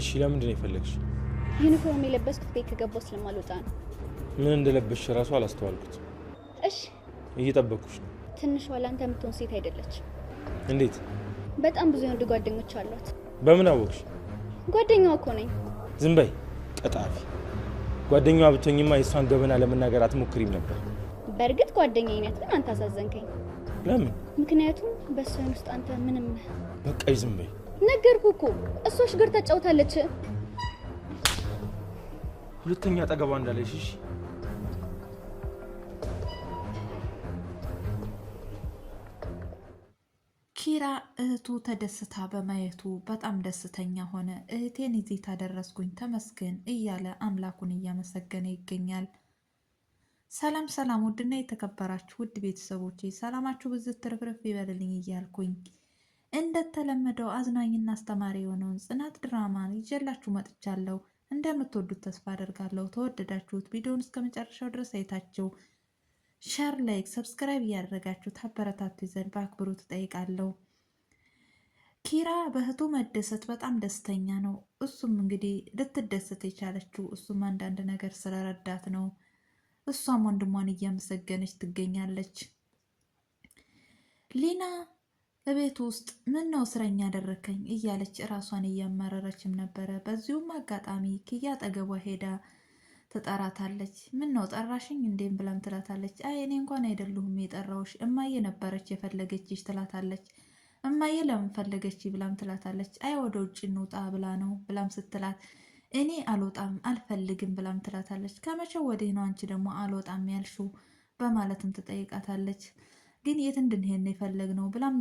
እሺ፣ ለምንድን ነው የፈለግሽ? ዩኒፎርም የለበስኩት ቤት ከገባሁ ስለማልወጣ ነው። ምን እንደለበስሽ እራሱ አላስተዋልኩት። እሺ፣ እየጠበቅኩሽ ነው። ትንሿ ለአንተ የምትሆን ሴት አይደለች። እንዴት? በጣም ብዙ የወንድ ጓደኞች አሏት። በምን አወቅሽ? ጓደኛዋ እኮ ነኝ። ዝም በይ ቀጣፊ። ጓደኛዋ ብትሆኝማ የእሷን ገበና ለመናገር አትሞክሪም ነበር። በእርግጥ ጓደኛዬ ናት፣ ግን አንተ አሳዘንከኝ። ለምን? ምክንያቱም በእሷን ውስጥ አንተ ምንም። በቃ ዝም በይ ነገርኩ እኮ እሷሽ ጋር ታጫውታለች። ሁለተኛ አጠገቧ እንዳለሽ እሺ። ኪራ እህቱ ተደስታ በማየቱ በጣም ደስተኛ ሆነ። እህቴን እዚህ ታደረስኩኝ ተመስገን እያለ አምላኩን እያመሰገነ ይገኛል። ሰላም ሰላም! ውድና የተከበራችሁ ውድ ቤተሰቦቼ ሰላማችሁ ብዝት ትርፍርፍ ይበልልኝ እያልኩኝ እንደተለመደው አዝናኝና አስተማሪ የሆነውን ጽናት ድራማን ይዤላችሁ መጥቻለሁ። እንደምትወዱት ተስፋ አደርጋለሁ። ተወደዳችሁት ቪዲዮውን እስከ መጨረሻው ድረስ አይታችሁ ሸር፣ ላይክ፣ ሰብስክራይብ እያደረጋችሁ ታበረታቱ ይዘን በአክብሮት እጠይቃለሁ። ኪራ በእህቱ መደሰት በጣም ደስተኛ ነው። እሱም እንግዲህ ልትደሰት የቻለችው እሱም አንዳንድ ነገር ስለረዳት ነው። እሷም ወንድሟን እያመሰገነች ትገኛለች ሊና በቤት ውስጥ ምን ነው እስረኛ ያደረከኝ እያለች ራሷን እያመረረችም ነበረ። በዚሁም አጋጣሚ ኪያ አጠገቧ ሄዳ ትጠራታለች። ምን ነው ጠራሽኝ እንዴም ብላም ትላታለች። አይ እኔ እንኳን አይደለሁም የጠራውሽ እማዬ ነበረች የፈለገችሽ ትላታለች። እማዬ ለምን ፈለገች ብላም ትላታለች። አይ ወደ ውጭ እንውጣ ብላ ነው ብላም ስትላት እኔ አልወጣም አልፈልግም ብላም ትላታለች። ከመቼው ወዲህ ነው አንቺ ደግሞ አልወጣም ያልሽው በማለትም ትጠይቃታለች። ግን የት እንድንሄድ ነው ብላም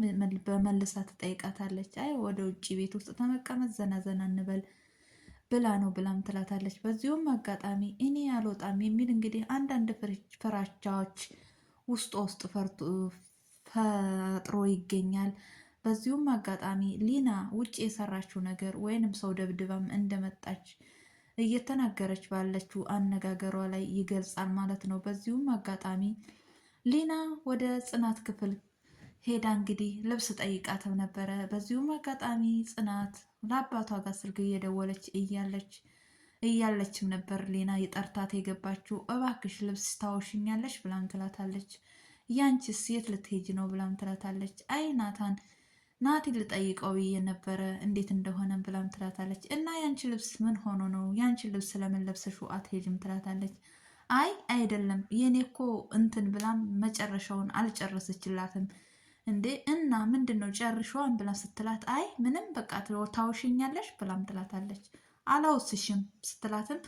በመልሳ ትጠይቃታለች። አይ ወደ ውጭ ቤት ውስጥ ተመቀመጥ ዘና ዘና እንበል ብላ ነው ብላም ትላታለች። በዚሁም አጋጣሚ እኔ አልወጣም የሚል እንግዲህ አንዳንድ ፍራቻዎች ውስጥ ውስጥ ፈጥሮ ይገኛል። በዚሁም አጋጣሚ ሊና ውጭ የሰራችው ነገር ወይንም ሰው ደብድባም እንደመጣች እየተናገረች ባለችው አነጋገሯ ላይ ይገልጻል ማለት ነው። በዚሁም አጋጣሚ ሊና ወደ ጽናት ክፍል ሄዳ እንግዲህ ልብስ ጠይቃትም ነበረ። በዚሁም አጋጣሚ ጽናት ለአባቷ ጋር ስልክ እየደወለች እያለች እያለችም ነበር ሌና የጠርታት የገባችው። እባክሽ ልብስ ታወሽኛለች ብላም ትላታለች። ያንቺስ የት ልትሄጅ ነው ብላም ትላታለች። አይ ናታን ናቲ ልጠይቀው ብዬ ነበረ እንዴት እንደሆነ ብላም ትላታለች። እና ያንቺ ልብስ ምን ሆኖ ነው? ያንቺ ልብስ ለምን ለብሰሽው አትሄጅም ትላታለች አይ አይደለም የኔ እኮ እንትን ብላም መጨረሻውን አልጨረሰችላትም። እንዴ እና ምንድን ነው ጨርሻዋን ብላ ስትላት አይ ምንም በቃ ታውሽኛለሽ ብላም ትላታለች። አላውስሽም ስትላትም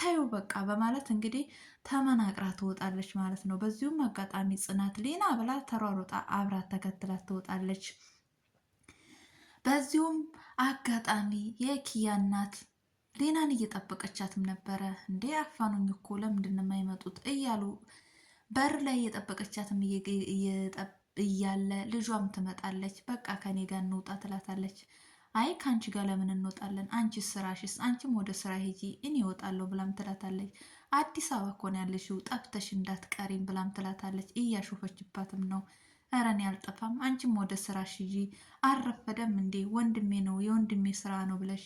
ታዩ በቃ በማለት እንግዲህ ተመናቅራ ትወጣለች ማለት ነው። በዚሁም አጋጣሚ ጽናት ሊና ብላ ተሯሮጣ አብራት ተከትላት ትወጣለች። በዚሁም አጋጣሚ የኪያ እናት ሌናን እየጠበቀቻትም ነበረ። እንዴ አፋኑኝ እኮ ለምንድን የማይመጡት እያሉ በር ላይ እየጠበቀቻትም እያለ ልጇም ትመጣለች። በቃ ከኔ ጋር እንውጣ ትላታለች። አይ ከአንቺ ጋር ለምን እንወጣለን? አንቺ ስራሽስ፣ አንቺም ወደ ስራ ሂጂ፣ እኔ እወጣለሁ ብላም ትላታለች። አዲስ አበባ እኮ ነው ያለሽው፣ ጠፍተሽ እንዳትቀሪም ብላም ትላታለች። እያሾፈችባትም ነው። ኧረ እኔ አልጠፋም፣ አንቺም ወደ ስራሽ ሂጂ። አረፈደም እንዴ ወንድሜ ነው የወንድሜ ስራ ነው ብለሽ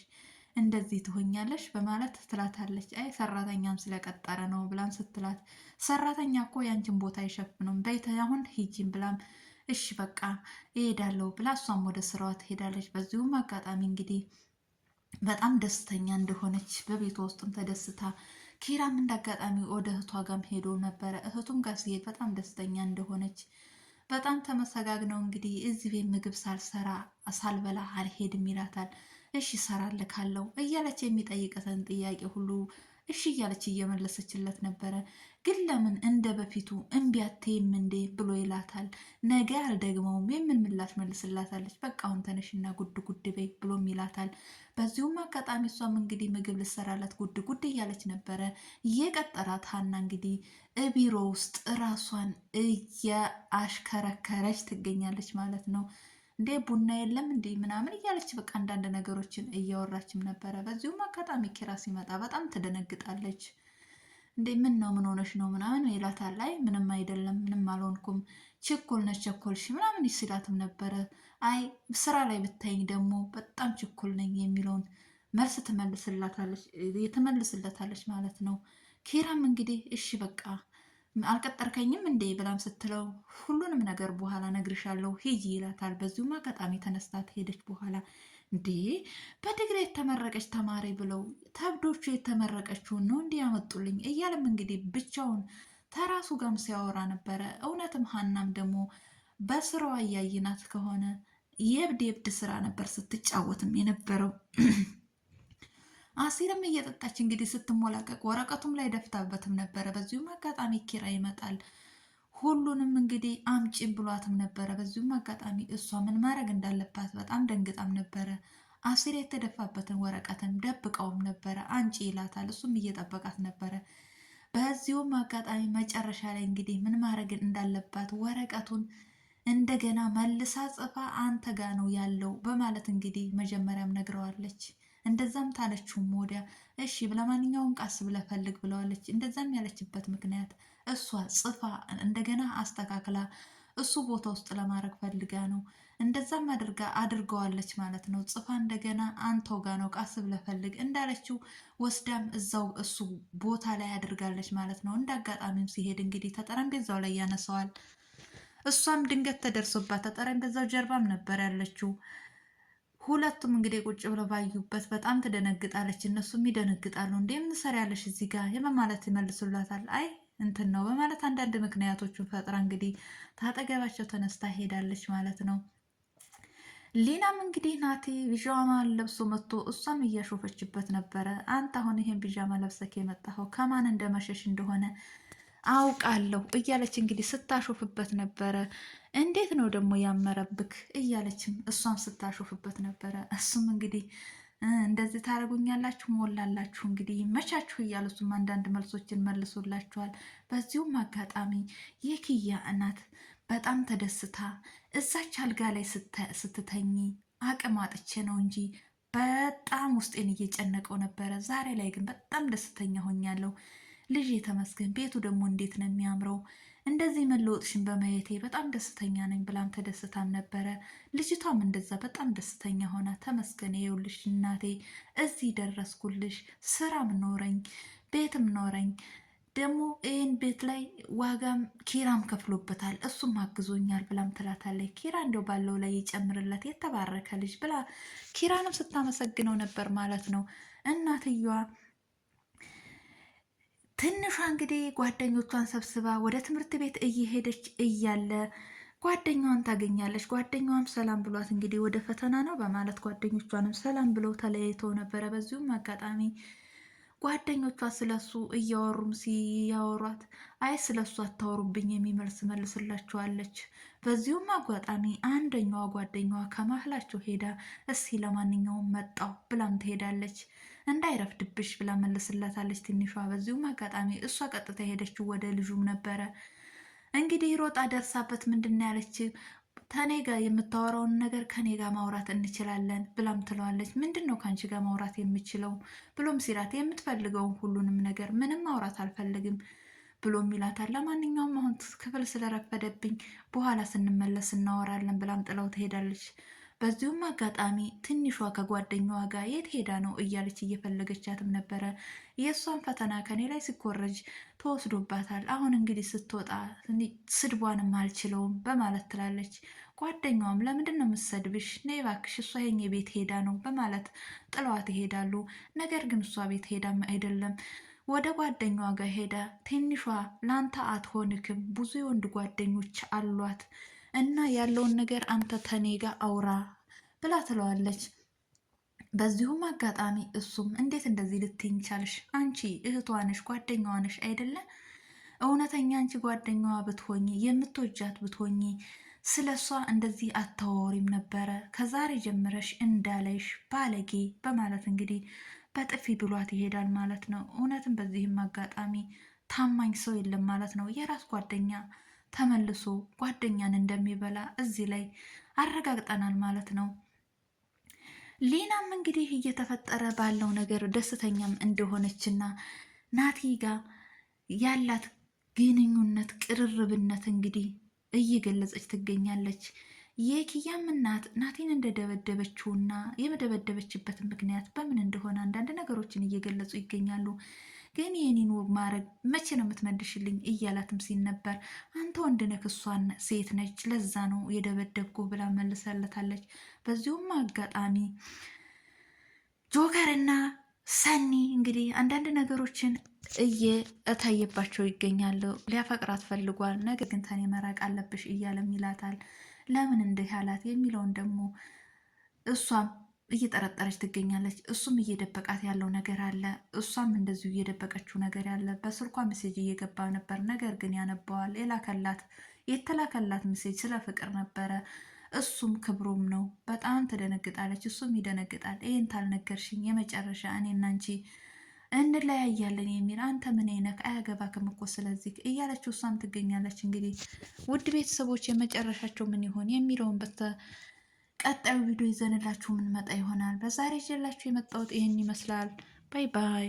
እንደዚህ ትሆኛለሽ በማለት ትላታለች። አይ ሰራተኛም ስለቀጠረ ነው ብላም ስትላት ሰራተኛ እኮ ያንቺን ቦታ አይሸፍኑም በይተ አሁን ሂጂን ብላም እሺ በቃ እሄዳለሁ ብላ እሷም ወደ ስራዋ ትሄዳለች። በዚሁም አጋጣሚ እንግዲህ በጣም ደስተኛ እንደሆነች በቤቷ ውስጥም ተደስታ ኪራም እንዳጋጣሚ ወደ እህቷ ጋም ሄዶ ነበረ። እህቱም ጋር ሲሄድ በጣም ደስተኛ እንደሆነች በጣም ተመሰጋግነው እንግዲህ እዚህ ቤት ምግብ ሳልሰራ ሳልበላ አልሄድም ይላታል። እሺ ይሰራልካለው እያለች የሚጠይቀትን ጥያቄ ሁሉ እሺ እያለች እየመለሰችለት ነበረ። ግን ለምን እንደ በፊቱ እምቢ እንዴ ብሎ ይላታል። ነገ አልደግመውም የምን ምላሽ መልስላታለች። በቃ አሁን ተነሽና ጉድ ጉድ በይ ብሎም ይላታል። በዚሁም አጋጣሚ እሷም እንግዲህ ምግብ ልሰራላት ጉድ ጉድ እያለች ነበረ። የቀጠራት ሀና እንግዲህ እቢሮ ውስጥ ራሷን እየአሽከረከረች ትገኛለች ማለት ነው። እንዴ ቡና የለም እንዴ ምናምን እያለች በቃ አንዳንድ ነገሮችን እያወራችም ነበረ። በዚሁም አጋጣሚ ኪራ ሲመጣ በጣም ትደነግጣለች። እንዴ ምን ነው ምን ሆነሽ ነው ምናምን ይላታል። አይ ምንም አይደለም ምንም አልሆንኩም ችኮል ነች ቸኮልሽ ምናምን ይስላትም ነበረ። አይ ስራ ላይ ብታይኝ ደግሞ በጣም ችኮል ነኝ የሚለውን መልስ ትመልስላታለች ትመልስለታለች ማለት ነው። ኪራም እንግዲህ እሺ በቃ አልቀጠርከኝም እንዴ ብላም ስትለው ሁሉንም ነገር በኋላ ነግርሻለሁ ሂጂ ይላታል። በዚሁም አጋጣሚ ተነስታ ሄደች። በኋላ እንዴ በድግሪ የተመረቀች ተማሪ ብለው ተብዶቹ የተመረቀችውን ነው እንዲህ ያመጡልኝ እያለም እንግዲህ ብቻውን ተራሱ ጋም ሲያወራ ነበረ። እውነትም ሀናም ደግሞ በስራዋ እያይናት ከሆነ የብድ የብድ ስራ ነበር ስትጫወትም የነበረው። አሲርም እየጠጣች እንግዲህ ስትሞላቀቅ ወረቀቱም ላይ ደፍታበትም ነበረ። በዚሁም አጋጣሚ ኪራ ይመጣል። ሁሉንም እንግዲህ አምጪ ብሏትም ነበረ። በዚሁም አጋጣሚ እሷ ምን ማድረግ እንዳለባት በጣም ደንግጣም ነበረ። አሲር የተደፋበትን ወረቀትም ደብቀውም ነበረ። አንጭ ይላታል። እሱም እየጠበቃት ነበረ። በዚሁም አጋጣሚ መጨረሻ ላይ እንግዲህ ምን ማድረግ እንዳለባት ወረቀቱን እንደገና መልሳ ጽፋ አንተ ጋ ነው ያለው በማለት እንግዲህ መጀመሪያም ነግረዋለች። እንደዛም ታለችውም ወዲያ እሺ ለማንኛውም ቃስ ብለፈልግ ፈልግ ብለዋለች። እንደዛም ያለችበት ምክንያት እሷ ጽፋ እንደገና አስተካክላ እሱ ቦታ ውስጥ ለማድረግ ፈልጋ ነው። እንደዛም አድርጋ አድርገዋለች ማለት ነው። ጽፋ እንደገና አንተው ጋ ነው ቃስ ብለፈልግ ፈልግ እንዳለችው ወስዳም እዛው እሱ ቦታ ላይ አድርጋለች ማለት ነው። እንደ ሲሄድ እንግዲህ ተጠረጴዛው ላይ ያነሰዋል። እሷም ድንገት ተደርሶባት ተጠረጴዛው ጀርባም ነበር ያለችው። ሁለቱም እንግዲህ ቁጭ ብለው ባዩበት በጣም ትደነግጣለች፣ እነሱም ይደነግጣሉ። እንዲ ምን ያለሽ እዚህ ጋር በማለት ይመልሱላታል። አይ እንትን ነው በማለት አንዳንድ ምክንያቶቹን ፈጥራ እንግዲህ ታጠገባቸው ተነስታ ሄዳለች ማለት ነው። ሊናም እንግዲህ ናቲ ቢዣማ ለብሶ መጥቶ እሷም እያሾፈችበት ነበረ። አንተ አሁን ይሄን ቢዣማ ለብሰክ የመጣኸው ከማን እንደመሸሽ እንደሆነ አውቃለሁ እያለች እንግዲህ ስታሾፍበት ነበረ። እንዴት ነው ደግሞ ያመረብክ እያለችም እሷም ስታሾፍበት ነበረ። እሱም እንግዲህ እንደዚህ ታደርጉኛላችሁ ሞላላችሁ እንግዲህ መቻችሁ እያለሱም አንዳንድ መልሶችን መልሶላችኋል። በዚሁም አጋጣሚ የኪያ እናት በጣም ተደስታ እዛች አልጋ ላይ ስትተኝ አቅም አጥቼ ነው እንጂ በጣም ውስጤን እየጨነቀው ነበረ። ዛሬ ላይ ግን በጣም ደስተኛ ሆኛለሁ። ልጅ የተመስገን ቤቱ ደግሞ እንዴት ነው የሚያምረው! እንደዚህ መለወጥሽን በማየቴ በጣም ደስተኛ ነኝ ብላም ተደስታም ነበረ። ልጅቷም እንደዛ በጣም ደስተኛ ሆና ተመስገን፣ ይኸውልሽ እናቴ እዚህ ደረስኩልሽ፣ ስራም ኖረኝ፣ ቤትም ኖረኝ ደግሞ ይህን ቤት ላይ ዋጋም ኪራም ከፍሎበታል እሱም አግዞኛል ብላም ትላታለች። ኪራ እንደው ባለው ላይ ይጨምርለት የተባረከ ልጅ ብላ ኪራንም ስታመሰግነው ነበር ማለት ነው እናትየዋ ትንሿ እንግዲህ ጓደኞቿን ሰብስባ ወደ ትምህርት ቤት እየሄደች እያለ ጓደኛዋን ታገኛለች። ጓደኛዋም ሰላም ብሏት እንግዲህ ወደ ፈተና ነው በማለት ጓደኞቿንም ሰላም ብለው ተለያይተው ነበረ። በዚሁም አጋጣሚ ጓደኞቿ ስለሱ እያወሩም ሲያወሯት አይ ስለሱ አታወሩብኝ የሚመልስ መልስላቸዋለች። በዚሁም አጋጣሚ አንደኛዋ ጓደኛዋ ከማህላቸው ሄዳ እስኪ ለማንኛውም መጣው ብላም ትሄዳለች። እንዳይረፍድብሽ ብላ መልስላታለች ትንሿ። በዚሁም አጋጣሚ እሷ ቀጥታ የሄደችው ወደ ልጁም ነበረ። እንግዲህ ሮጣ ደርሳበት ምንድን ያለች ከኔ ጋር የምታወራውን ነገር ከኔ ጋር ማውራት እንችላለን ብላም ትለዋለች። ምንድን ነው ከአንቺ ጋር ማውራት የምችለው ብሎም ሲላት የምትፈልገውን ሁሉንም ነገር ምንም ማውራት አልፈልግም ብሎም ይላታል። ለማንኛውም አሁን ክፍል ስለረፈደብኝ በኋላ ስንመለስ እናወራለን ብላም ጥለው ትሄዳለች። በዚሁም አጋጣሚ ትንሿ ከጓደኛዋ ጋር የት ሄዳ ነው እያለች እየፈለገቻትም ነበረ። የእሷን ፈተና ከኔ ላይ ሲኮረጅ ተወስዶባታል። አሁን እንግዲህ ስትወጣ ስድቧንም አልችለውም በማለት ትላለች። ጓደኛዋም ለምንድን ነው የምትሰድብሽ? ነይ እባክሽ፣ እሷ የእኔ ቤት ሄዳ ነው በማለት ጥለዋት ይሄዳሉ። ነገር ግን እሷ ቤት ሄዳም አይደለም ወደ ጓደኛዋ ጋር ሄዳ ትንሿ ለአንተ አትሆንክም፣ ብዙ የወንድ ጓደኞች አሏት እና ያለውን ነገር አንተ ተኔጋ አውራ ብላ ትለዋለች። በዚሁም አጋጣሚ እሱም እንዴት እንደዚህ ልትኝ ቻልሽ? አንቺ እህቷንሽ ጓደኛዋንሽ አይደለ? እውነተኛ አንቺ ጓደኛዋ ብትሆኚ የምትወጃት ብትሆኚ ስለ እሷ እንደዚህ አታዋሪም ነበረ። ከዛሬ ጀምረሽ እንዳላይሽ ባለጌ በማለት እንግዲህ በጥፊ ብሏት ይሄዳል ማለት ነው። እውነትም በዚህም አጋጣሚ ታማኝ ሰው የለም ማለት ነው የራስ ጓደኛ ተመልሶ ጓደኛን እንደሚበላ እዚህ ላይ አረጋግጠናል ማለት ነው። ሊናም እንግዲህ እየተፈጠረ ባለው ነገር ደስተኛም እንደሆነችና ናቲ ጋር ያላት ግንኙነት ቅርርብነት እንግዲህ እየገለጸች ትገኛለች። የኪያም እናት ናቲን እንደደበደበችውና የመደበደበችበትን ምክንያት በምን እንደሆነ አንዳንድ ነገሮችን እየገለጹ ይገኛሉ። ግን የኔን ውብ ማድረግ መቼ ነው የምትመልሽልኝ? እያላትም ሲል ነበር። አንተ ወንድ ነህ፣ እሷን ሴት ነች፣ ለዛ ነው የደበደብኩህ ብላ መልሳለታለች። በዚሁም አጋጣሚ ጆከርና ሰኒ እንግዲህ አንዳንድ ነገሮችን እየታየባቸው ይገኛሉ። ሊያፈቅራት ፈልጓል። ነገር ግን ተኔ መራቅ አለብሽ እያለም ይላታል። ለምን እንዲህ አላት የሚለውን ደግሞ እሷም እየጠረጠረች ትገኛለች። እሱም እየደበቃት ያለው ነገር አለ። እሷም እንደዚሁ እየደበቀችው ነገር ያለ። በስልኳ ሜሴጅ እየገባ ነበር፣ ነገር ግን ያነበዋል። የላከላት የተላከላት ሜሴጅ ስለ ፍቅር ነበረ። እሱም ክብሩም ነው። በጣም ትደነግጣለች፣ እሱም ይደነግጣል። ይህን ታልነገርሽኝ የመጨረሻ እኔ እናንቺ እንለያያለን የሚል አንተ ምን አይነት አያገባክም እኮ ስለዚህ እያለች እሷም ትገኛለች። እንግዲህ ውድ ቤተሰቦች የመጨረሻቸው ምን ይሆን የሚለውን በተ ቀጣዩ ቪዲዮ ይዘንላችሁ የምንመጣ ይሆናል። በዛሬ ይዤላችሁ የመጣሁት ይህን ይመስላል። ባይ ባይ።